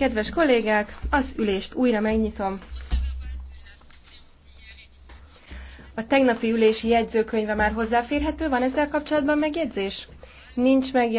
Kedves kollégák, az ülést újra megnyitom. A tegnapi ülési jegyzőkönyve már hozzáférhető, van ezzel kapcsolatban megjegyzés? Nincs megjegyzés.